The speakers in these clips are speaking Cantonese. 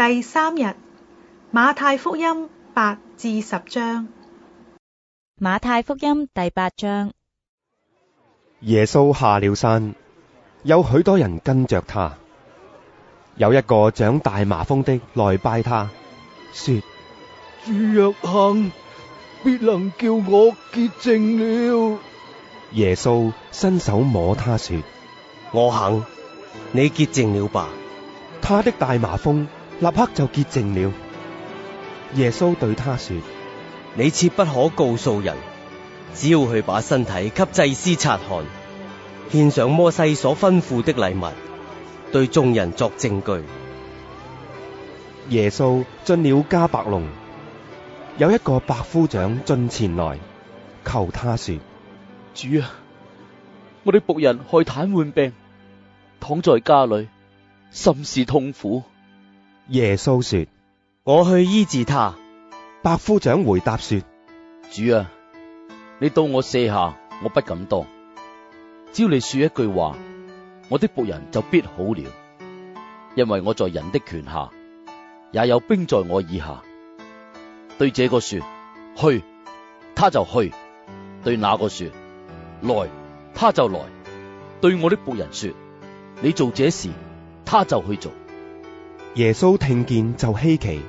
第三日，馬太福音八至十章，馬太福音第八章。耶穌下了山，有許多人跟着他。有一個長大麻風的來拜他，說：主若肯，必能叫我潔淨了。耶穌伸手摸他，說：我肯，你潔淨了吧。他的大麻風。立刻就潔淨了。耶穌對他說：你切不可告訴人，只要去把身體給祭司察看，獻上摩西所吩咐的禮物，對眾人作證據。耶穌進了迦百農，有一個百夫長進前來，求他說：主啊，我的僕人害癱瘓病，躺在家裏，甚是痛苦。耶穌說：我去醫治他。百夫長回答說：主啊，你到我舍下，我不敢當。只要你說一句話，我的僕人就必好了，因為我在人的權下，也有兵在我以下。對這個說去，他就去；對那個說來，他就來。對我的僕人說，你做這事，他就去做。耶穌聽見就希奇，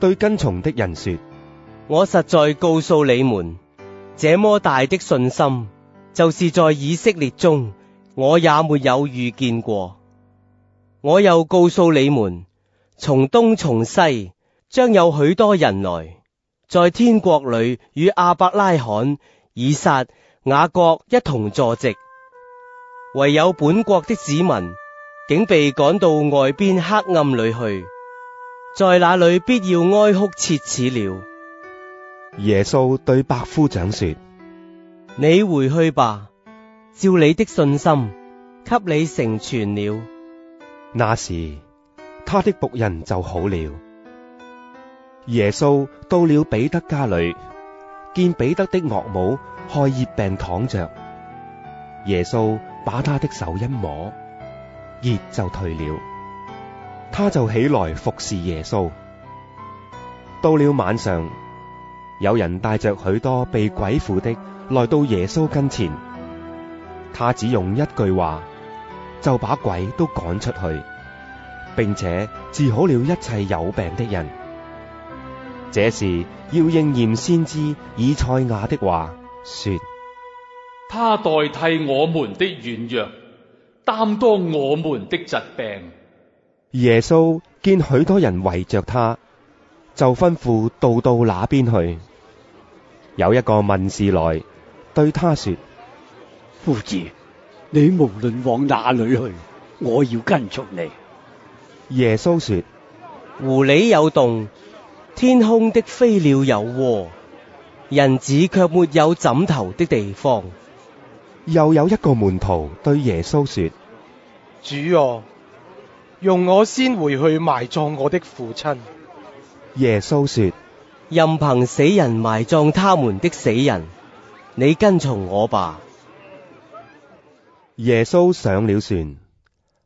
對跟從的人說：我實在告訴你們，這麼大的信心，就是在以色列中，我也沒有遇見過。我又告訴你們，從東從西，將有許多人來，在天國裏與亞伯拉罕、以撒、雅各一同坐席。唯有本國的子民。竟被趕到外邊黑暗裏去，在那裏必要哀哭切齒了。耶穌對百夫長說：你回去吧，照你的信心，給你成全了。那時他的僕人就好了。耶穌到了彼得家裏，見彼得的岳母害熱病躺着，耶穌把他的手一摸。熱就退了，他就起來服侍耶穌。到了晚上，有人帶着許多被鬼附的來到耶穌跟前，他只用一句話就把鬼都趕出去，並且治好了一切有病的人。這時要應驗先知以賽亞的話，說：他代替我們的軟弱。擔當我們的疾病。耶穌見許多人圍着他，就吩咐渡到那邊去。有一個文士來對他說：夫子，你無論往哪裏去，我要跟從你。耶穌說：狐狸有洞，天空的飛鳥有窩，人子卻沒有枕頭的地方。又有一個門徒對耶穌說：主、哦，用我先回去埋葬我的父親。耶穌說：任憑死人埋葬他們的死人，你跟從我吧。耶穌上了船，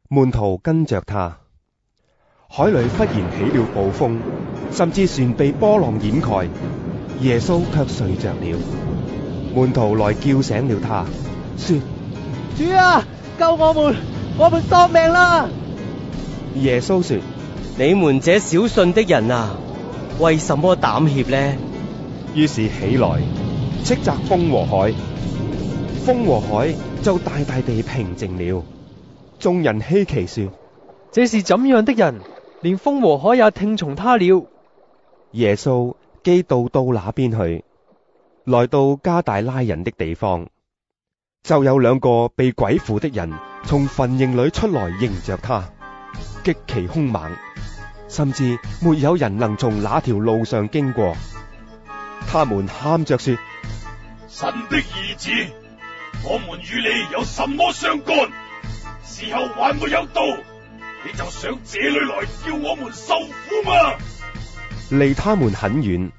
門徒跟着他。海裏忽然起了暴風，甚至船被波浪掩蓋。耶穌卻睡着了。門徒來叫醒了他。說，主啊，救我們，我們喪命啦！耶穌說：你們這小信的人啊，為什麼膽怯呢？於是起來，斥責風和海，風和海就大大地平靜了。眾人稀奇說：這是怎樣的人，連風和海也聽從他了？耶穌既渡到那邊去，來到加大拉人的地方。就有兩個被鬼附的人從墳塋裏出來迎着他，極其凶猛，甚至沒有人能從那條路上經過。他們喊着說：神的兒子，我們與你有什麼相干？時候還沒有到，你就上這裏來叫我們受苦嗎！離他們很遠，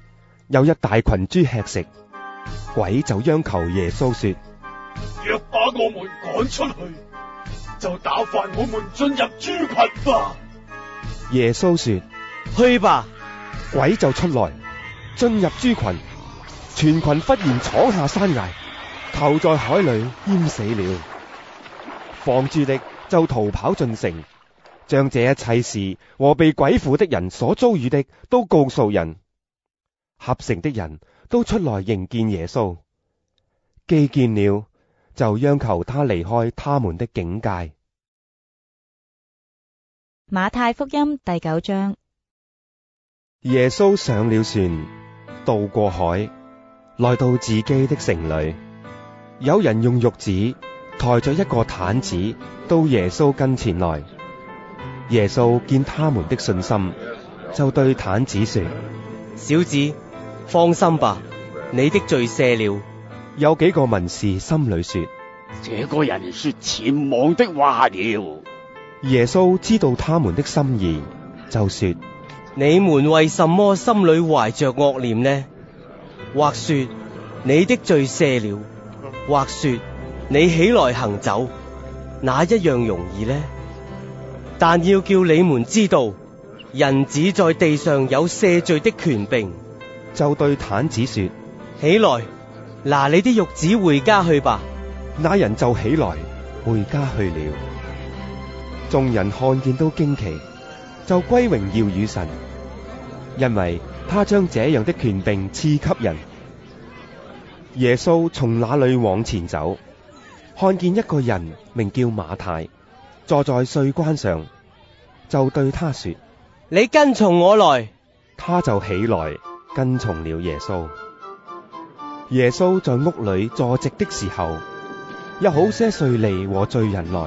有一大群豬吃食，鬼就央求耶穌說。把我們趕出去，就打發我們進入豬群吧。耶穌說：去吧，鬼就出來進入豬群。全群忽然闖下山崖，投在海裏淹死了。防住的就逃跑進城，將這一切事和被鬼附的人所遭遇的都告訴人。合城的人都出來迎見耶穌，既見了。就央求他離開他們的境界。馬太福音第九章。耶穌上了船，渡過海，來到自己的城裏。有人用褥子抬着一個癱子到耶穌跟前來。耶穌見他們的信心，就對癱子說：小子，放心吧，你的罪赦了。有幾個文士心裏說：這個人說僭妄的話了。耶穌知道他們的心意，就說：你們為什麼心裏懷着惡念呢？或說你的罪赦了，或說你起來行走，哪一樣容易呢？但要叫你們知道，人子在地上有赦罪的權柄。就對癱子說：起來。拿你啲褥子回家去吧。那人就起來回家去了。眾人看見都驚奇，就歸榮耀與神，因為他將這樣的權柄賜給人。耶穌從那裏往前走，看見一個人名叫馬太，坐在稅關上，就對他說：你跟從我來。他就起來跟從了耶穌。耶穌在屋裏坐席的時候，有好些稅吏和罪人來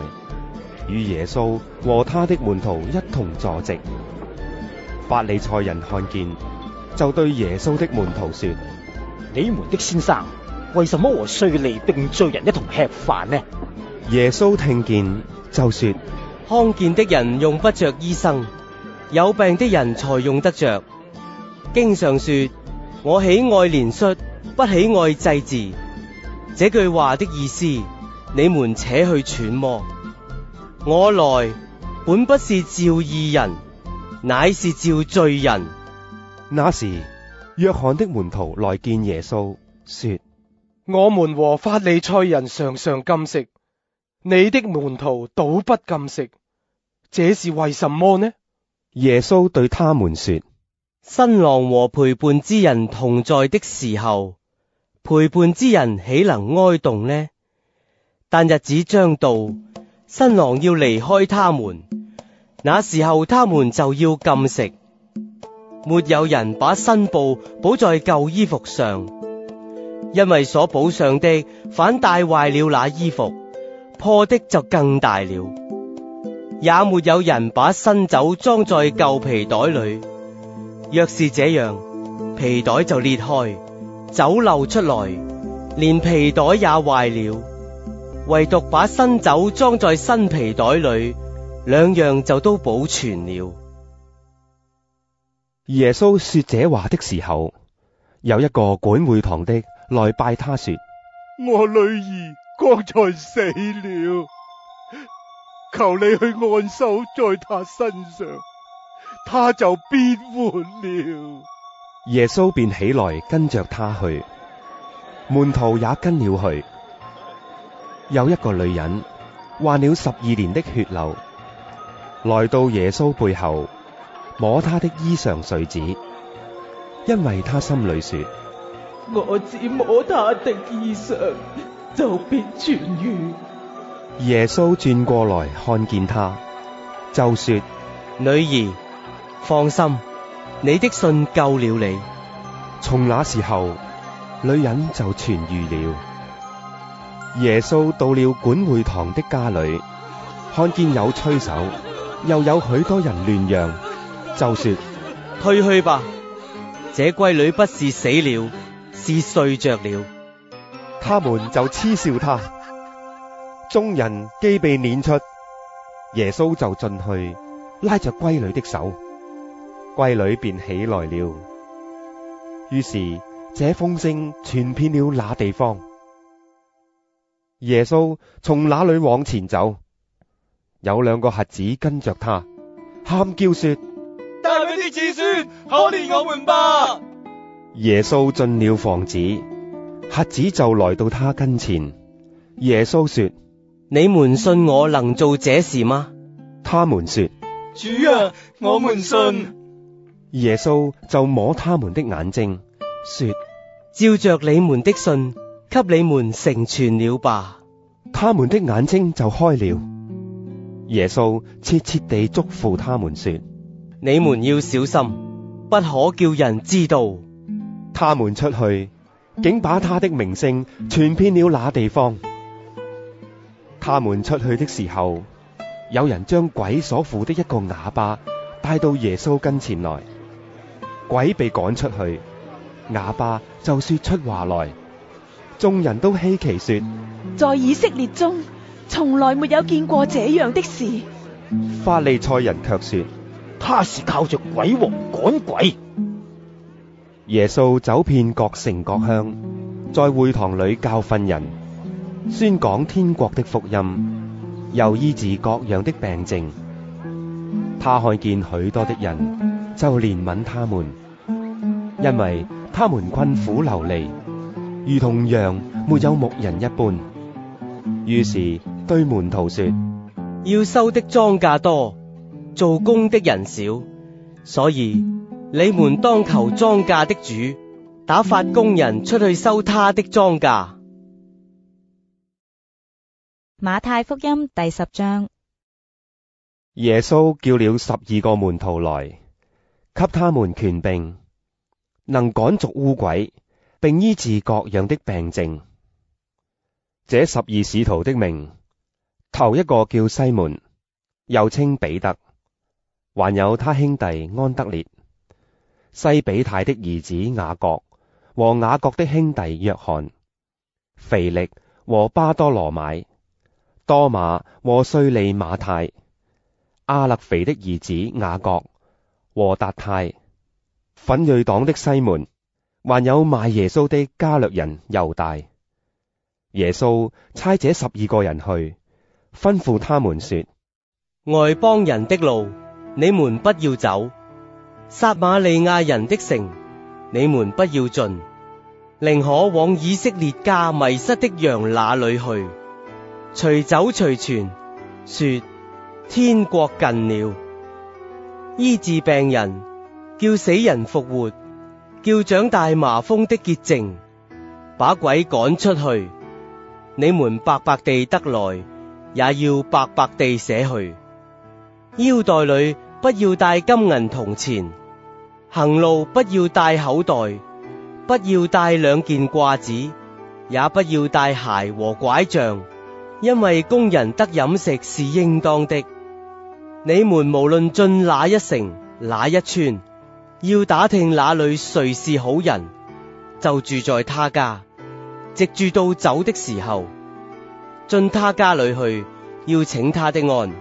與耶穌和他的門徒一同坐席。法利賽人看見，就對耶穌的門徒說：你們的先生為什麼和稅吏並罪人一同吃飯呢？耶穌聽見，就說：康健的人用不着醫生，有病的人才用得着。經常說：我喜愛憐恤。」不喜愛祭祀，這句話的意思，你們且去揣摩。我來本不是召義人，乃是召罪人。那時，約翰的門徒來見耶穌，說：我們和法利賽人常常禁食，你的門徒倒不禁食，這是為什麼呢？耶穌對他們說：新郎和陪伴之人同在的時候。陪伴之人豈能哀慟呢？但日子將到，新郎要離開他們，那時候他們就要禁食。沒有人把新布補在舊衣服上，因為所補上的反帶壞了那衣服，破的就更大了。也沒有人把新酒裝在舊皮袋裏，若是這樣，皮袋就裂開。酒漏出來，連皮袋也壞了，唯獨把新酒裝在新皮袋裏，兩樣就都保存了。耶穌說這話的時候，有一個管會堂的來拜他說：我女兒剛才死了，求你去按手在她身上，她就必活了。耶穌便起來，跟着他去，門徒也跟了去。有一個女人患了十二年的血漏。來到耶穌背後，摸她的衣裳碎子，因為她心裏說：我只摸她的衣裳，就必痊愈。耶穌轉過來，看見她，就說：女兒，放心。你的信救了你。從那時候，女人就痊愈了。耶穌到了管會堂的家裏，看見有吹手，又有許多人亂嚷，就說：退去吧，這閨女不是死了，是睡着了。他們就嗤笑他。眾人既被攆出，耶穌就進去，拉着閨女的手。閨女便起來了。於是這風聲傳遍了那地方。耶穌從那裏往前走，有兩個瞎子跟着他，喊叫說：大衛的子孫可憐我們吧！耶穌進了房子，瞎子就來到他跟前。耶穌說：你們信我能做這事嗎？他們說：主啊，我們信。耶穌就摸他們的眼睛，說：照着你們的信，給你們成全了吧。他們的眼睛就開了。耶穌切切地囑咐他們說：你們要小心，不可叫人知道。他們出去，竟把他的名聲傳遍了那地方。他們出去的時候，有人將鬼所附的一個啞巴帶到耶穌跟前來。鬼被趕出去，啞巴就說出話來，眾人都稀奇說：在以色列中，從來沒有見過這樣的事。法利賽人卻說，他是靠着鬼王趕鬼。耶穌走遍各城各鄉，在會堂裏教訓人，宣講天國的福音，又醫治各樣的病症。他看見許多的人，就憐憫他們。因為他們困苦流離，如同羊沒有牧人一般。於是對門徒說：要收的莊稼多，做工的人少，所以你們當求莊稼的主，打發工人出去收他的莊稼。馬太福音第十章。耶穌叫了十二個門徒來，給他們權柄。能趕逐污鬼，並醫治各樣的病症。這十二使徒的名，頭一個叫西門，又稱彼得，還有他兄弟安德烈、西比泰的兒子雅各和雅各的兄弟約翰、腓力和巴多羅買、多馬和稅吏馬太、亞勒腓的兒子雅各和達太。奮銳黨的西門，還有賣耶穌的加略人猶大，耶穌差這十二個人去，吩咐他們說：外邦人的路你們不要走，撒瑪利亞人的城你們不要進，寧可往以色列家迷失的羊那裏去，隨走隨傳，說天國近了，醫治病人。叫死人復活，叫長大麻風的潔淨，把鬼趕出去。你們白白地得來，也要白白地捨去。腰袋裏不要帶金銀銅錢，行路不要帶口袋，不要帶兩件褂子，也不要帶鞋和拐杖，因為工人得飲食是應當的。你們無論進哪一城，哪一村，要打聽那裏誰是好人，就住在他家，直住到走的時候，進他家裏去，要請他的安。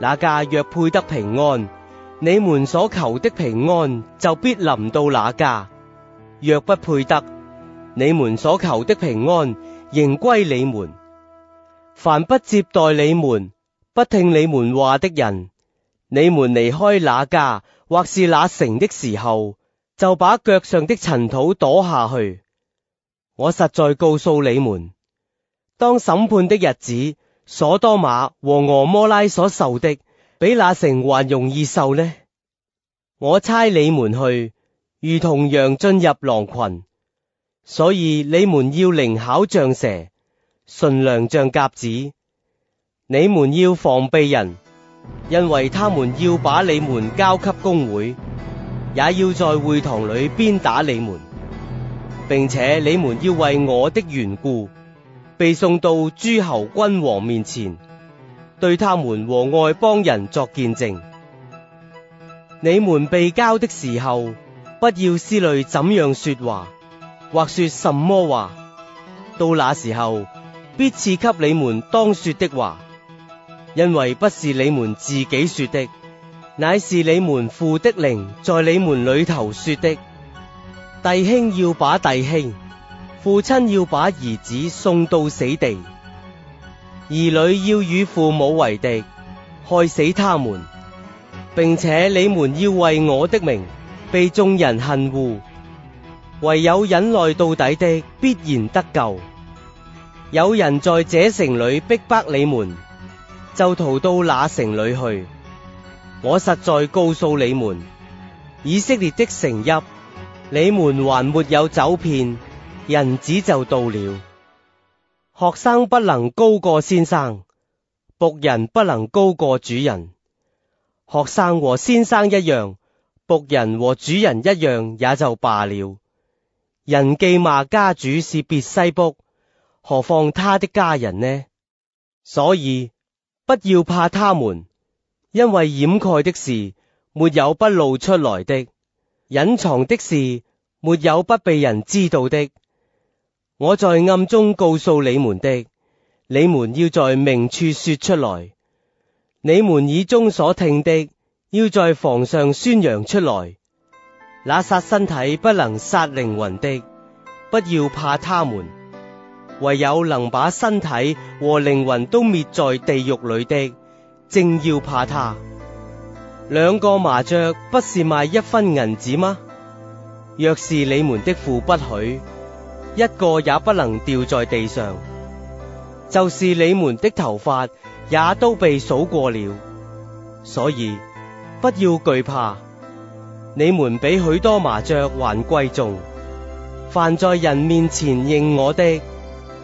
那家若配得平安，你們所求的平安就必臨到那家；若不配得，你們所求的平安仍歸你們。凡不接待你們、不聽你們話的人，你們離開那家或是那城的時候，就把腳上的塵土跺下去。我實在告訴你們，當審判的日子，所多瑪和俄摩拉所受的，比那城還容易受呢。我差你們去，如同羊進入狼群，所以你們要靈巧像蛇，馴良像鴿子。你們要防備人。因為他們要把你們交給公會，也要在會堂裏鞭打你們，並且你們要為我的緣故被送到諸侯君王面前，對他們和外邦人作見證。你們被交的時候，不要思慮怎樣說話，或說什麼話，到那時候必賜給你們當說的話。因為不是你們自己說的，乃是你們父的靈在你們裏頭說的。弟兄要把弟兄，父親要把兒子送到死地，兒女要與父母為敵，害死他們，並且你們要為我的名被眾人恨惡。唯有忍耐到底的，必然得救。有人在這城裏逼迫你們。就逃到那城裏去。我實在告訴你們，以色列的城邑，你們還沒有走遍，人子就到了。學生不能高過先生，僕人不能高過主人。學生和先生一樣，僕人和主人一樣，也就罷了。人既罵家主是別西卜，何況他的家人呢？所以。不要怕他們，因為掩蓋的事沒有不露出來的，隱藏的事沒有不被人知道的。我在暗中告訴你們的，你們要在明處說出來。你們耳中所聽的，要在房上宣揚出來。那殺身體不能殺靈魂的，不要怕他們。唯有能把身體和靈魂都滅在地獄裏的，正要怕他。兩個麻雀不是賣一分銀子嗎？若是你們的父不許，一個也不能掉在地上。就是你們的頭髮也都被數過了，所以不要懼怕。你們比許多麻雀還貴重。凡在人面前認我的。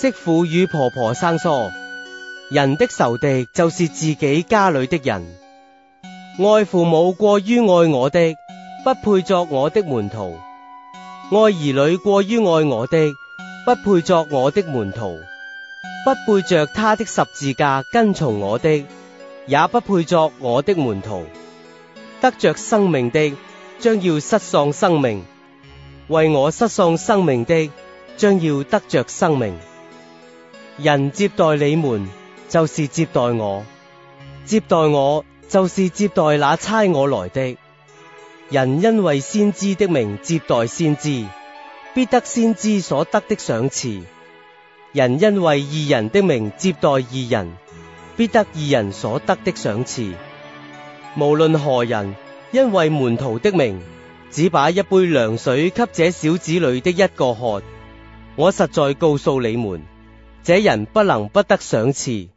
媳婦與婆婆生疏，人的仇敵就是自己家裏的人。愛父母過於愛我的，不配作我的門徒；愛兒女過於愛我的，不配作我的門徒。不背着他的十字架跟從我的，也不配作我的門徒。得着生命的，將要失喪生命；為我失喪生命的，將要得着生命。人接待你們，就是接待我；接待我，就是接待那差我來的。人因為先知的名接待先知，必得先知所得的賞賜。人因為義人的名接待義人，必得義人所得的賞賜。無論何人，因為門徒的名，只把一杯涼水給這小子裏的一個喝，我實在告訴你們。這人不能不得賞賜。